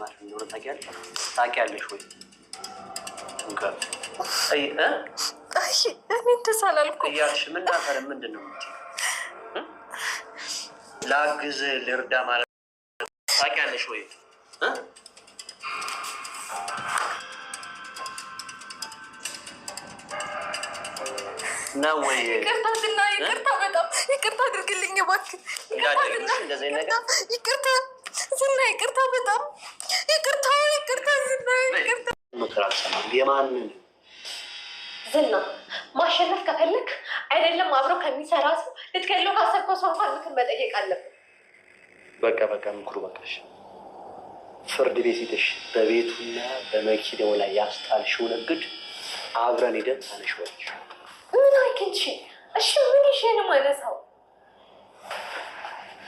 ማሽ እንደሆነ ታውቂያለሽ ታውቂያለሽ ወይ? ንገፍ እኔ እንደዛ እያልሽ ምናፈር ምንድን ነው የምትይው? ላግዝ ልርዳ ማለት ታውቂያለሽ ወይ? ነው ወይ? ይቅርታትና ይቅርታ በጣም ይቅርታ አድርግልኝ እባክህ። ይቅርታ ዝና ይቅርታ በጣም ይቅርታ ይቅርታ ዝና ይቅርታ ምክር አልሰማም የማንን ዝና ማሸነፍ ከፈለግ አይደለም አብሮ ከሚሰራ ሰው ልትገለው ካሰብከው ሰው እንኳን ምክር መጠየቅ አለብን በቃ በቃ ምክሩ በቃሽ ፍርድ ቤት ሄደሽ በቤቱና በመኪናው ላይ ያስጣልሽውን እግድ አብረን ሄደን ታነሽዋለሽ ምን አይክንቺ እሺ ምን ይሽን ማነሳው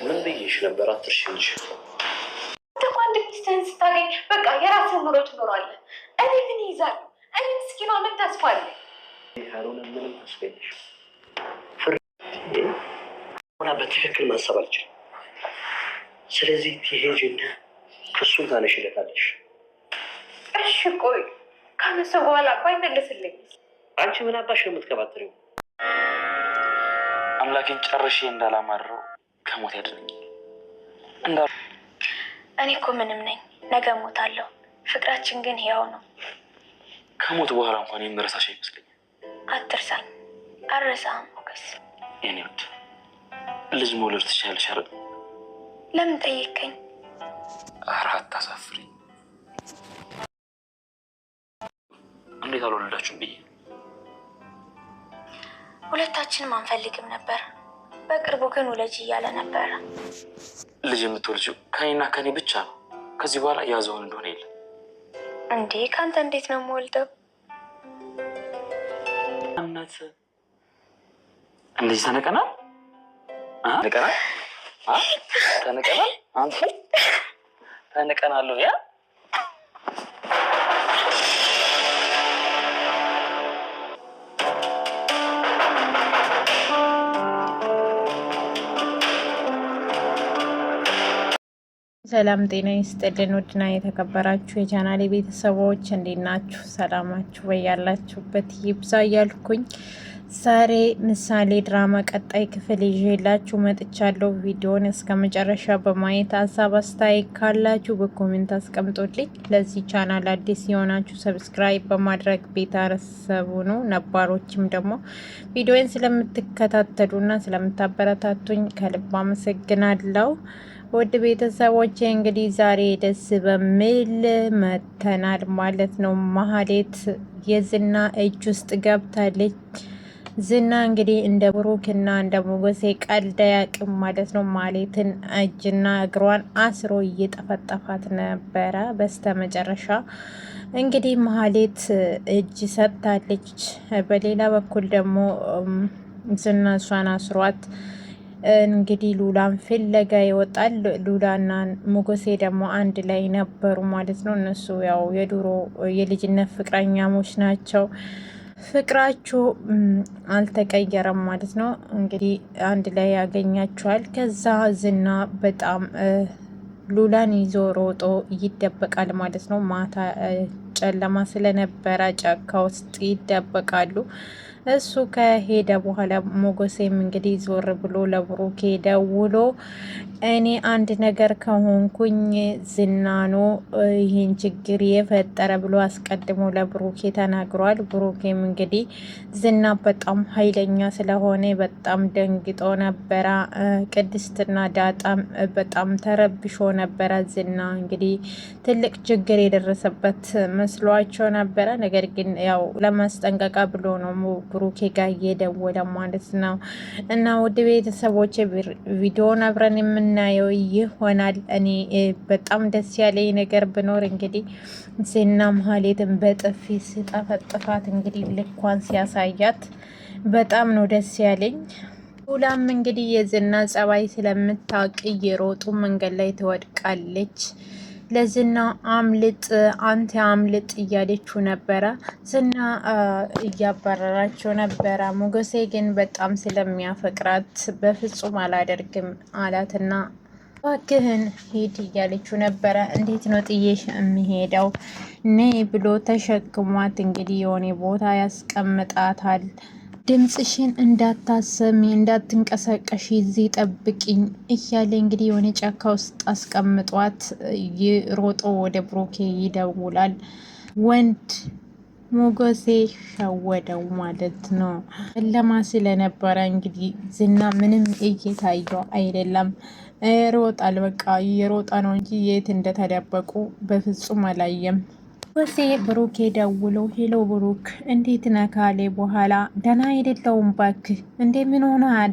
ምን ብዬሽ ነበር አትርሽ እንጂ ሚስትህን ስታገኝ በቃ የራስህን ኑሮ ትኖራለህ። እኔ ምን ይይዛለሁ? እኔ ምስኪና ምን ተስፋ አለ? ሀሩን ምንም ተስፋ የለሽም። ሆና በትክክል ማሰብ አልችልም። ስለዚህ ትሄጂና ክሱን ታነሽለታለሽ። እሺ ቆይ ከመሰ በኋላ ባይመለስልኝ አንቺ ምን አባሽ ነው የምትከባትሪው? አምላኬን ጨርሼ እንዳላማረው ከሞት ያድነኝ። እኔ እኮ ምንም ነኝ፣ ነገ ሞታለሁ። ፍቅራችን ግን ሕያው ነው። ከሞት በኋላ እንኳን የምረሳሽ አይመስለኝም። አትርሳኝ። አረሳ ሞገስ። የኔ ውድ ልጅ መውለድ ትችያለሽ አይደል? ለምን ጠየቀኝ? ኧረ አታሳፍሪ። እንዴት አልወለዳችሁም ብዬ ሁለታችንም አንፈልግም ነበር በቅርቡ ግን ውለጅ እያለ ነበረ። ልጅ የምትወልጂው ከኔና ከኔ ብቻ ነው። ከዚህ በኋላ ያዘውን እንደሆነ የለም እንዴ። ከአንተ እንዴት ነው የምወልደው? እምነት እንደዚህ ተነቀናል ተነቀናል ተነቀናል አንተ ተነቀናለሁ ያ ሰላም ጤና ይስጥልን። ውድና የተከበራችሁ የቻናሌ ቤተሰቦች እንዴት ናችሁ? ሰላማችሁ በያላችሁበት ይብዛ እያልኩኝ ዛሬ ምሳሌ ድራማ ቀጣይ ክፍል ይዤላችሁ መጥቻለሁ። ቪዲዮን እስከ መጨረሻ በማየት ሀሳብ አስተያየት ካላችሁ በኮሜንት አስቀምጦልኝ። ለዚህ ቻናል አዲስ የሆናችሁ ሰብስክራይብ በማድረግ ቤተሰብ ሁኑ። ነባሮችም ደግሞ ቪዲዮን ስለምትከታተሉና ስለምታበረታቱኝ ከልብ አመሰግናለሁ። ውድ ቤተሰቦቼ እንግዲህ ዛሬ ደስ በሚል መተናል ማለት ነው። ማህሌት የዝና እጅ ውስጥ ገብታለች። ዝና እንግዲህ እንደ ብሩክና እንደ ሞገሴ ቀልድ አያውቅም ማለት ነው። ማህሌትን እጅና እግሯን አስሮ እየጠፈጠፋት ነበረ። በስተ መጨረሻ እንግዲህ ማህሌት እጅ ሰጥታለች። በሌላ በኩል ደግሞ ዝና እሷን አስሯት እንግዲህ ሉላን ፍለጋ ይወጣል። ሉላና ሞገሴ ደግሞ አንድ ላይ ነበሩ ማለት ነው። እነሱ ያው የድሮ የልጅነት ፍቅረኛሞች ናቸው። ፍቅራችሁ አልተቀየረም ማለት ነው። እንግዲህ አንድ ላይ ያገኛችኋል። ከዛ ዝና በጣም ሉላን ይዞ ሮጦ ይደበቃል ማለት ነው። ማታ ጨለማ ስለነበረ ጫካ ውስጥ ይደበቃሉ። እሱ ከሄደ በኋላ ሞጎሴም እንግዲህ ዞር ብሎ ለብሩኬ ደውሎ እኔ አንድ ነገር ከሆንኩኝ ዝና ነው ይህን ችግር የፈጠረ ብሎ አስቀድሞ ለብሩኬ ተናግሯል። ብሩኬም እንግዲህ ዝና በጣም ኃይለኛ ስለሆነ በጣም ደንግጦ ነበረ። ቅድስትና ዳጣም በጣም ተረብሾ ነበረ። ዝና እንግዲህ ትልቅ ችግር የደረሰበት መስሏቸው ነበረ። ነገር ግን ያው ለማስጠንቀቃ ብሎ ነው ብሩኬ ጋር እየደወለ ማለት ነው። እና ውድ ቤተሰቦች ቪዲዮን አብረን የምናየው ይሆናል። እኔ በጣም ደስ ያለኝ ነገር ብኖር እንግዲህ ዝና መሀሌትን በጥፊ ስጠፈጥፋት እንግዲህ ልኳን ሲያሳያት በጣም ነው ደስ ያለኝ። ሁላም እንግዲህ የዝና ጸባይ ስለምታውቅ እየሮጡ መንገድ ላይ ትወድቃለች። ለዝና አምልጥ አንተ አምልጥ እያለችው ነበረ። ዝና እያባረራቸው ነበረ። ሞገሴ ግን በጣም ስለሚያፈቅራት በፍጹም አላደርግም አላትና እባክህን ሂድ እያለችው ነበረ። እንዴት ነው ጥዬሽ የሚሄደው ነይ ብሎ ተሸክሟት እንግዲህ የሆነ ቦታ ያስቀምጣታል። ድምፅሽን እንዳታሰሚ እንዳትንቀሳቀሽ እዚህ ጠብቂኝ እያለ እንግዲህ የሆነ ጫካ ውስጥ አስቀምጧት ሮጦ ወደ ብሮኬ ይደውላል። ወንድ ሞገሴ ሸወደው ማለት ነው። ጨለማ ስለነበረ እንግዲህ ዝና ምንም እየታየው አይደለም። ሮጣል በቃ የሮጣ ነው እንጂ የት እንደተደበቁ በፍጹም አላየም። ወሴ ብሩክ ደውሎ ሄሎ ብሩክ እንዴት ነካሌ ካሌ በኋላ ደና አይደለሁም ባክ እንዴ ምን ሆነሃል?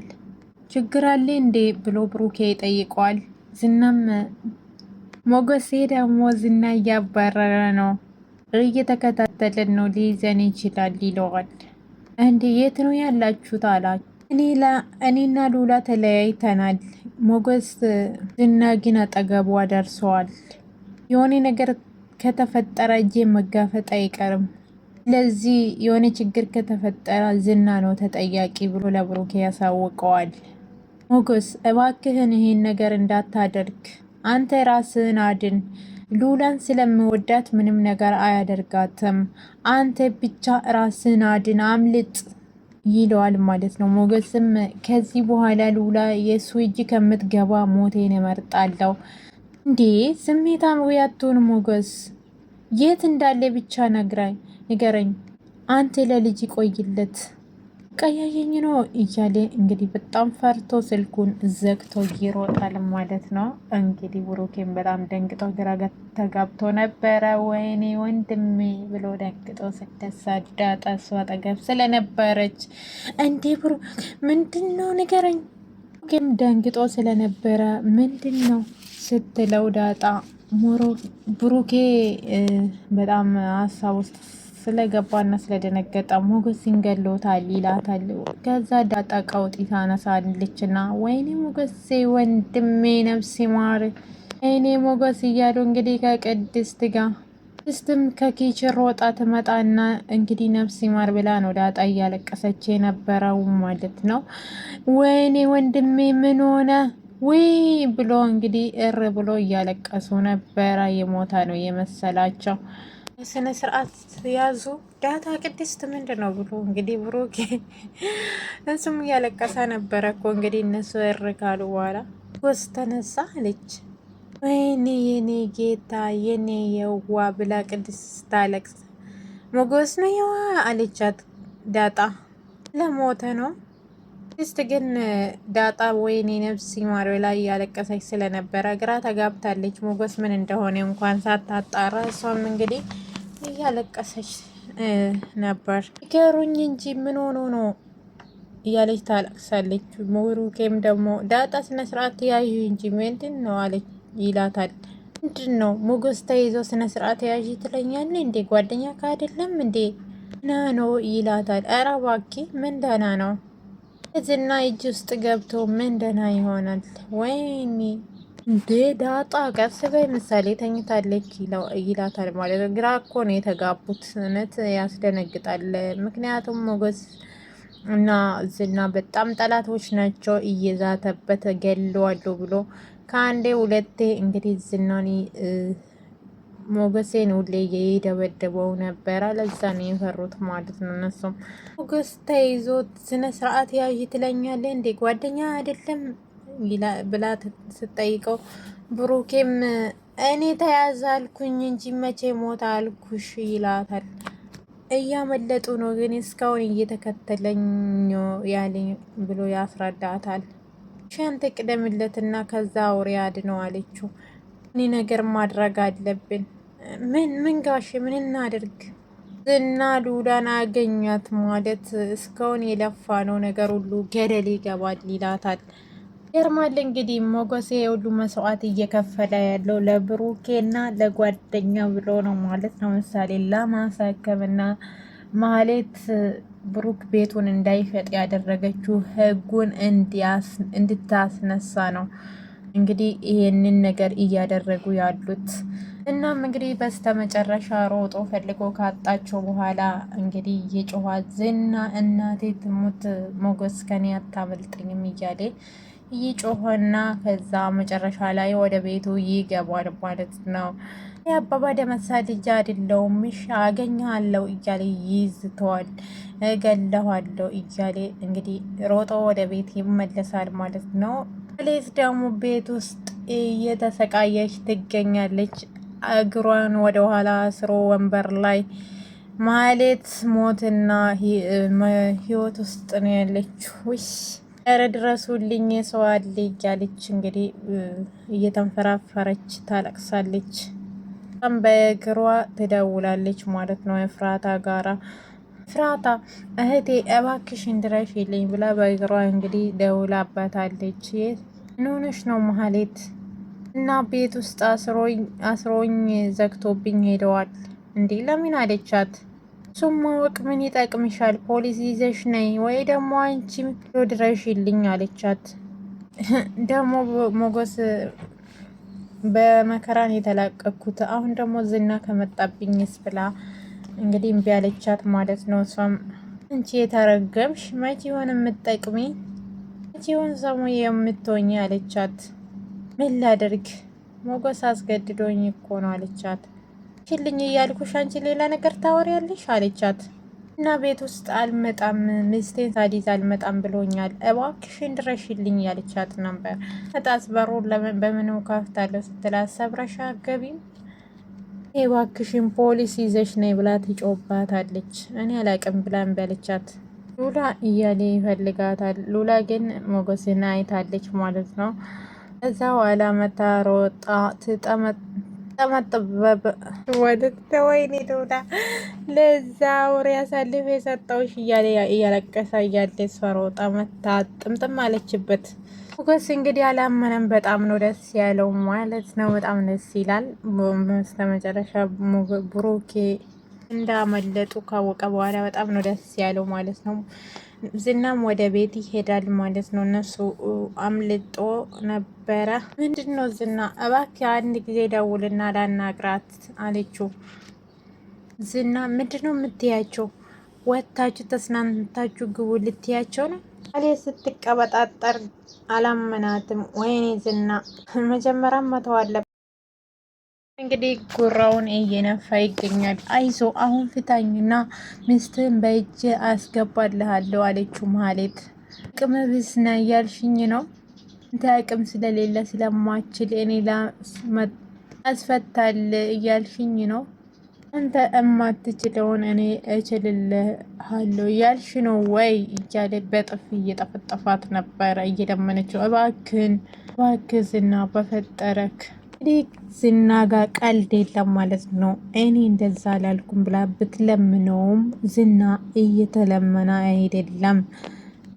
ችግር አለ እንዴ ብሎ ብሩኬ ጠይቋል። ዝናም ሞገሴ ደግሞ ዝና እያባረረ ነው እየተከታተልን ነው ሊይዘን ይችላል ይለዋል። እንዴ የት ነው ያላችሁት አላችሁ? እኔና ሉላ ተለያይተናል። ሞገስ ዝና ግን አጠገቧ ደርሰዋል። የሆነ ነገር ከተፈጠረ እጄ መጋፈጥ አይቀርም። ለዚህ የሆነ ችግር ከተፈጠረ ዝና ነው ተጠያቂ ብሎ ለብሩኬ ያሳውቀዋል። ሞገስ እባክህን ይህን ነገር እንዳታደርግ፣ አንተ ራስህን አድን። ሉላን ስለምወዳት ምንም ነገር አያደርጋትም። አንተ ብቻ ራስህን አድን፣ አምልጥ ይለዋል ማለት ነው። ሞገስም ከዚህ በኋላ ሉላ የሱ እጅ ከምትገባ ሞቴን እመርጣለሁ እንዴ ስሜታዊ አትሆን ሞገስ፣ የት እንዳለ ብቻ ነግራኝ ንገረኝ፣ አንተ ለልጅ ቆይለት ቀያየኝ ነው እያለ እንግዲህ በጣም ፈርቶ ስልኩን ዘግቶ ይሮጣል ማለት ነው። እንግዲህ ብሩኬን በጣም ደንግጦ ግራ ተጋብቶ ነበረ። ወይኔ ወንድሜ ብሎ ደንግጦ ስደሳዳ ጠሱ አጠገብ ስለነበረች እንዴ ብሩ ምንድን ነው ንገረኝ። ግን ደንግጦ ስለነበረ ምንድን ነው ስትለው ዳጣ ብሩኬ በጣም ሀሳብ ውስጥ ስለገባና ስለደነገጠ ሞገስ ይንገሎታል ይላታል። ከዛ ዳጣ ቀውጢ ታነሳለች ወይኔ ሞገሴ ወንድሜ ነፍሴ ማር ወይኔ ሞገስ እያሉ እንግዲህ ከቅድስት ጋር ቅድስትም ከኪችን ወጣ ትመጣና እንግዲህ ነፍስ ይማር ብላ ነው ዳጣ እያለቀሰች የነበረው ማለት ነው። ወይኔ ወንድሜ ምን ሆነ ውይ ብሎ እንግዲህ እር ብሎ እያለቀሱ ነበረ። የሞታ ነው የመሰላቸው። ስነ ስርዓት ያዙ። ዳታ ቅድስት ምንድን ነው ብሎ እንግዲህ ብሩኬ እሱም እያለቀሰ ነበረ እኮ እንግዲህ እነሱ እር ካሉ በኋላ ጎስ ተነሳ አለች። ወይኔ የኔ ጌታ የኔ የዋ ብላ ቅድስት ስታለቅስ ሞጎስ ነው የዋ አለቻት ዳጣ ለሞተ ነው ቅድስት ግን ዳጣ ወይኔ ነብስ ሲማሪ ላይ እያለቀሰች ስለነበረ ግራ ተጋብታለች። ሞገስ ምን እንደሆነ እንኳን ሳታጣራ እሷም እንግዲህ እያለቀሰች ነበር። ገሩኝ እንጂ ምን ሆኖ ነው እያለች ታለቅሳለች። ሙሩኬም ደግሞ ዳጣ ስነ ስነስርዓት ያዩ እንጂ ምንድን ነው አለች ይላታል። ምንድን ነው ሞገስ ተይዞ ስነ ስነስርዓት ያዥ ትለኛለ እንዴ? ጓደኛ ካይደለም እንዴ ናኖ ይላታል። ኧረ እባክህ ምን ደህና ነው ዝና እጅ ውስጥ ገብቶ ምን ደህና ይሆናል? ወይኔ እንዴ ዳጣ ቀስ በይ ምሳሌ ተኝታለች ይላታል ማለት ነው። ግራ እኮ ነው የተጋቡት። እውነት ያስደነግጣል። ምክንያቱም ሞገስ እና ዝና በጣም ጠላቶች ናቸው። እየዛተበት ገለዋለሁ ብሎ ከአንዴ ሁለቴ እንግዲህ ዝናን ሞገሴን ሁሌ የደበደበው ነበረ። ለዛ ነው የፈሩት ማለት ነው። እነሱም ሞገስ ተይዞ ስነ ስርዓት ያዥ ትለኛለ እንዴ ጓደኛ አይደለም ብላ ስጠይቀው ብሩኬም እኔ ተያዝ አልኩኝ እንጂ መቼ ሞት አልኩሽ ይላታል። እያመለጡ ነው ግን እስካሁን እየተከተለኝ ያለኝ ብሎ ያስረዳታል። ሻንተ ቅደምለትና ከዛ አውሬ አድነው አለችው። እኔ ነገር ማድረግ አለብን ምን ምን ጋሽ ምን እናድርግ? ዝና ሉላን አገኛት ማለት እስካሁን ነው ነገር ሁሉ ገደል ይገባል ይላታል። ገርማል እንግዲህ ሞገሴ የሁሉ መስዋዕት እየከፈለ ያለው ለብሩኬና ለጓደኛ ብሎ ነው ማለት ነው። ምሳሌ ለማሳከምና ማለት ብሩክ ቤቱን እንዳይሸጥ ያደረገችው ህጉን እንድታስነሳ ነው። እንግዲህ ይሄንን ነገር እያደረጉ ያሉት እናም እንግዲህ በስተመጨረሻ ሮጦ ፈልጎ ካጣቸው በኋላ እንግዲህ የጮኋ ዝና እናቴ ትሙት ሞገስ ከኔ አታመልጠኝም እያለ ይጮሆና ከዛ መጨረሻ ላይ ወደ ቤቱ ይገባል ማለት ነው። የአባባ ደመሳ ልጅ አይደለሁም እሺ አገኘዋለሁ እያለ ይዝተዋል፣ እገለዋለሁ እያለ እንግዲህ ሮጦ ወደ ቤት ይመለሳል ማለት ነው። ሌስ ደግሞ ቤት ውስጥ እየተሰቃየች ትገኛለች። እግሯን ወደ ኋላ ስሮ ወንበር ላይ ማለት ሞትና ህይወት ውስጥ ነው ያለችው። ውሽ ኧረ ድረሱልኝ ሰው አለ እያለች እንግዲህ እየተንፈራፈረች ታለቅሳለች። በጣም በእግሯ ትደውላለች ማለት ነው የፍራታ ጋራ ፍራታ እህቴ እባክሽን ድረሽልኝ ብላ በእግሯ እንግዲህ ደውላባታለች። ምን ሆነሽ ነው መሀሌት እና ቤት ውስጥ አስሮኝ ዘግቶብኝ ሄደዋል። እንዴ ለምን አለቻት። እሱም ማወቅ ምን ይጠቅምሻል? ፖሊስ ይዘሽ ነይ ወይ ደግሞ አንቺ ድረሽልኝ አለቻት። ደግሞ ሞገስ በመከራን የተላቀኩት አሁን ደግሞ ዝና ከመጣብኝስ ብላ እንግዲህ እምቢ አለቻት ማለት ነው። እሷም አንቺ የተረገምሽ መቼ ይሆን የምትጠቅሚ መቼ ይሆን ሰሙ የምትሆኝ አለቻት። ምን ላደርግ ሞገስ አስገድዶኝ እኮ ነው አለቻት። ችልኝ እያልኩሽ አንቺ ሌላ ነገር ታወሪያለሽ አለቻት። እና ቤት ውስጥ አልመጣም ሚስቴን ሳዲዝ አልመጣም ብሎኛል፣ እባክሽን ድረሽልኝ ያለቻት ነበር። እጣስ በሩን በምንም ከፍታለሁ ስትላት ሰብረሻ ገቢም እባክሽን ፖሊስ ይዘሽ ነይ ብላ ትጮባታለች። እኔ አላቅም ብላን በለቻት። ሉላ እያለ ይፈልጋታል። ሉላ ግን ሞገስን አይታለች ማለት ነው። እዛ ዋላ መታ ሮጣ ተጠመጠበበ ወደተ ወይኔ ዶዳ ለዛ ወሬ ያሳልፍ የሰጠውሽ እያለ እያለቀሰ እያለ እሷ ሮጣ መታ ጥምጥም አለችበት። ሞገስ እንግዲህ አላመነም። በጣም ነው ደስ ያለው ማለት ነው። በጣም ደስ ይላል። በስተመጨረሻ ብሩኬ እንዳመለጡ ካወቀ በኋላ በጣም ነው ደስ ያለው ማለት ነው። ዝናም ወደ ቤት ይሄዳል ማለት ነው። እነሱ አምልጦ ነበረ። ምንድን ነው ዝና እባክህ አንድ ጊዜ ደውልና ላናግራት አለችው። ዝና ምንድን ነው የምትያቸው? ወታችሁ ተስናንታችሁ ግቡ ልትያቸው ነው አሌ ስትቀበጣጠር አላመናትም። ወይኔ ዝና መጀመሪያ መተው እንግዲህ ጉራውን እየነፋ ይገኛል። አይዞ አሁን ፍታኝና ሚስትን በእጅ አስገባልሃለሁ አለችው ማለት ቅም ብስና እያልሽኝ ነው? እንተ አቅም ስለሌለ ስለማችል እኔ አስፈታል እያልሽኝ ነው? አንተ እማትችለውን እኔ እችልልሃለሁ እያልሽ ነው ወይ እያለ በጥፍ እየጠፈጠፋት ነበረ፣ እየለመነችው እባክን እባክህ ዝና በፈጠረክ እንግዲህ ዝናጋ ቀልድ የለም ማለት ነው። እኔ እንደዛ አላልኩም ብላ ብትለምነውም ዝና እየተለመነ አይደለም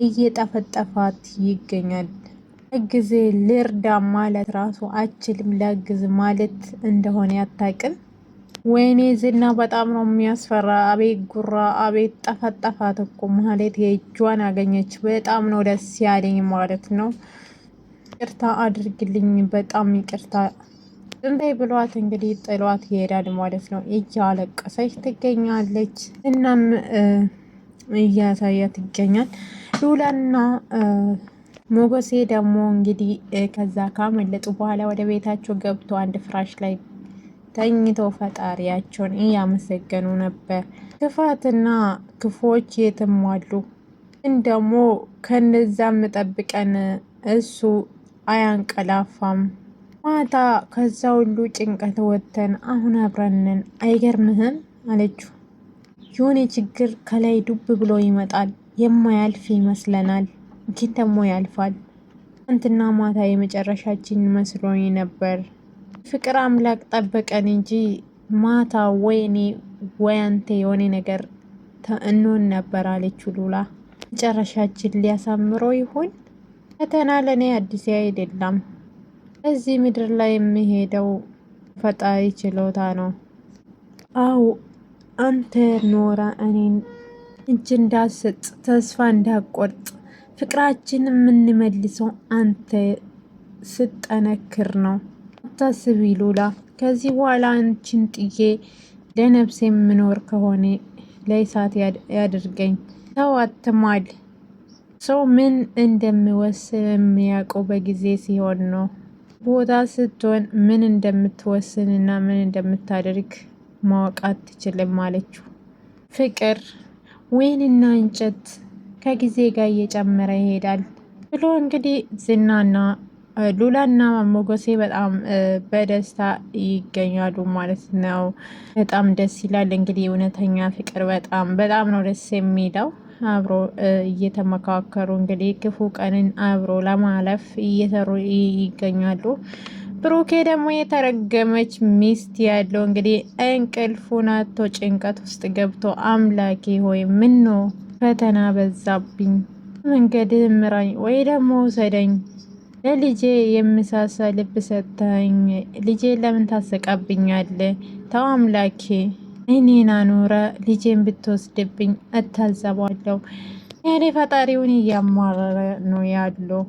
እየጠፈጠፋት ይገኛል። ጊዜ ልርዳ ማለት ራሱ አችልም ለግዝ ማለት እንደሆነ ያታቅም። ወይኔ ዝና በጣም ነው የሚያስፈራ። አቤት ጉራ፣ አቤት ጠፈጠፋት እኮ ማለት የእጇን አገኘች። በጣም ነው ደስ ያለኝ ማለት ነው። ይቅርታ አድርግልኝ፣ በጣም ይቅርታ እምቢ ብሏት እንግዲህ ጥሏት ይሄዳል ማለት ነው። እያለቀሰች ትገኛለች። እናም እያሳያት ይገኛል። ሉላና ሞገሴ ደግሞ እንግዲህ ከዛ ካመለጡ በኋላ ወደ ቤታቸው ገብቶ አንድ ፍራሽ ላይ ተኝተው ፈጣሪያቸውን እያመሰገኑ ነበር። ክፋትና ክፎች የትም አሉ፣ ግን ደግሞ ከነዛ ጠብቀን እሱ አያንቀላፋም ማታ ከዛ ሁሉ ጭንቀት ወጥተን አሁን አብረንን አይገርምህም? አለችው። የሆነ ችግር ከላይ ዱብ ብሎ ይመጣል። የማያልፍ ይመስለናል፣ ግን ደግሞ ያልፋል። ትናንትና ማታ የመጨረሻችን መስሎኝ ነበር። ፍቅር አምላክ ጠበቀን እንጂ ማታ ወይኔ እኔ የሆነ ነገር እንሆን ነበር አለችው ሉላ። መጨረሻችን ሊያሳምረው ይሆን? ፈተና ለእኔ አዲስ አይደለም። እዚህ ምድር ላይ የሚሄደው ፈጣሪ ችሎታ ነው። አው አንተ ኖራ እኔን እጅ እንዳሰጥ ተስፋ እንዳቆርጥ ፍቅራችን የምንመልሰው አንተ ስጠነክር ነው። አታስቢ ይሉላ ከዚህ በኋላ አንቺን ጥዬ ለነፍሴ የምኖር ከሆነ ለእሳት ያድርገኝ። ሰው አትማል። ሰው ምን እንደሚወስን የሚያውቀው በጊዜ ሲሆን ነው። ቦታ ስትሆን ምን እና ምን እንደምታደርግ ማወቅ አትችልም አለችው። ፍቅር ወይንና እንጨት ከጊዜ ጋር እየጨመረ ይሄዳል ብሎ እንግዲህ ዝናና ሉላና ሞገሴ በጣም በደስታ ይገኛሉ ማለት ነው። በጣም ደስ ይላል እንግዲህ እውነተኛ ፍቅር በጣም በጣም ነው ደስ የሚለው። አብሮ እየተመካከሩ እንግዲህ ክፉ ቀንን አብሮ ለማለፍ እየሰሩ ይገኛሉ። ብሩኬ ደግሞ የተረገመች ሚስት ያለው እንግዲህ እንቅልፉን አጥቶ ጭንቀት ውስጥ ገብቶ አምላኬ ሆይ ምኖ ፈተና በዛብኝ፣ መንገድ ምራኝ ወይ ደግሞ ውሰደኝ፣ ለልጄ የምሳሳ ልብ ሰጥተኝ፣ ልጄ ለምን ታሰቃብኛለ? ተው አምላኬ እኔን አኖረ ልጄን ብትወስድብኝ እታዘባለሁ። ያኔ ፈጣሪውን እያማረረ ነው ያለው።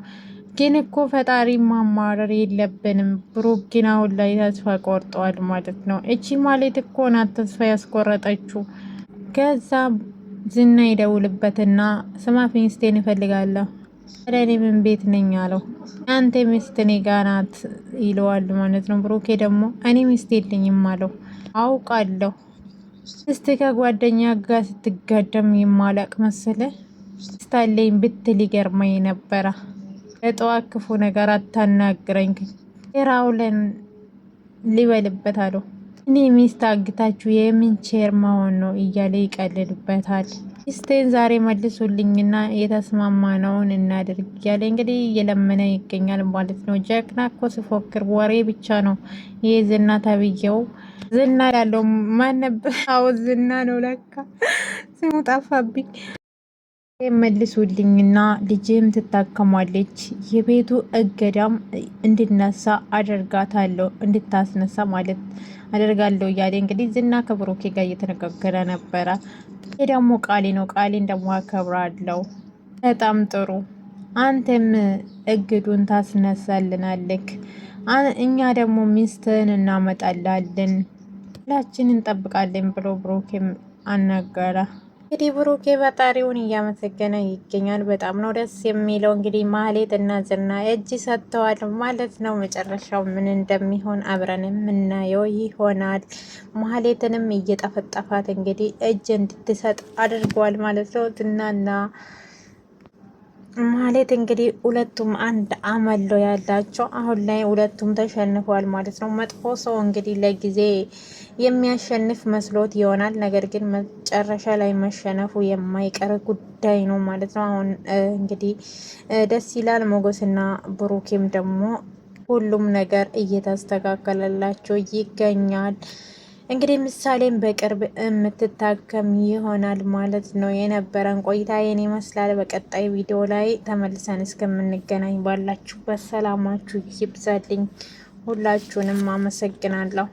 ግን እኮ ፈጣሪ ማማረር የለብንም። ብሩክ ግን አሁን ላይ ተስፋ ቆርጠዋል ማለት ነው። እቺ ማለት እኮ ናት ተስፋ ያስቆረጠችው። ከዛ ዝና ይደውልበትና ስማ ሚስቴን እፈልጋለሁ ለእኔ ምን ቤት ነኝ አለው። አንተ ሚስት እኔ ጋ ናት ይለዋል ማለት ነው። ብሩኬ ደግሞ እኔ ሚስት የለኝም አለው። አውቃለሁ እስቲ ከጓደኛ ጋር ስትጋደም የማላቅ መሰለ ስታለኝ ብትል ይገርመኝ ነበረ። ለጠዋት ክፉ ነገር አታናግረኝ ራውለን ሊበልበት አለው። እኔ ሚስት አግታችሁ የምን ቼር መሆን ነው እያለ ይቀልልበታል። ሚስቴን ዛሬ መልሱልኝና የተስማማነውን እናድርግ እያለ እንግዲህ እየለመነ ይገኛል ማለት ነው። ጀግና እኮ ሲፎክር ወሬ ብቻ ነው። ይህ ዝና ተብዬው ዝና ያለው ማን ነበር? አዎ ዝና ነው ለካ ስሙ ጠፋብኝ። መልሱልኝና ልጅም ትታከማለች፣ የቤቱ እገዳም እንድነሳ አደርጋታለሁ፣ እንድታስነሳ ማለት አደርጋለሁ እያለ እንግዲህ ዝና ከብሩኬ ጋር እየተነጋገረ ነበረ። ይህ ደግሞ ቃሌ ነው፣ ቃሌን ደግሞ አከብራለሁ። በጣም ጥሩ አንተም እግዱን ታስነሳልናልክ፣ እኛ ደግሞ ሚስትህን እናመጣላለን፣ ሁላችን እንጠብቃለን ብሎ ብሩኬም አናገራ። እንግዲህ ብሩኬ ፈጣሪውን እያመሰገነ ይገኛል። በጣም ነው ደስ የሚለው። እንግዲህ ማህሌት እና ዝና እጅ ሰጥተዋል ማለት ነው። መጨረሻው ምን እንደሚሆን አብረን የምናየው ይሆናል። ማህሌትንም እየጠፈጠፋት እንግዲህ እጅ እንድትሰጥ አድርጓል ማለት ነው ዝናና ማለት እንግዲህ ሁለቱም አንድ አመሎ ያላቸው አሁን ላይ ሁለቱም ተሸንፈዋል ማለት ነው። መጥፎ ሰው እንግዲህ ለጊዜ የሚያሸንፍ መስሎት ይሆናል። ነገር ግን መጨረሻ ላይ መሸነፉ የማይቀር ጉዳይ ነው ማለት ነው። አሁን እንግዲህ ደስ ይላል። ሞገስና ብሩኬም ደግሞ ሁሉም ነገር እየተስተካከለላቸው ይገኛል። እንግዲህ ምሳሌም በቅርብ የምትታከም ይሆናል ማለት ነው። የነበረን ቆይታ የኔ ይመስላል። በቀጣይ ቪዲዮ ላይ ተመልሰን እስከምንገናኝ ባላችሁበት ሰላማችሁ ይብዛልኝ። ሁላችሁንም አመሰግናለሁ።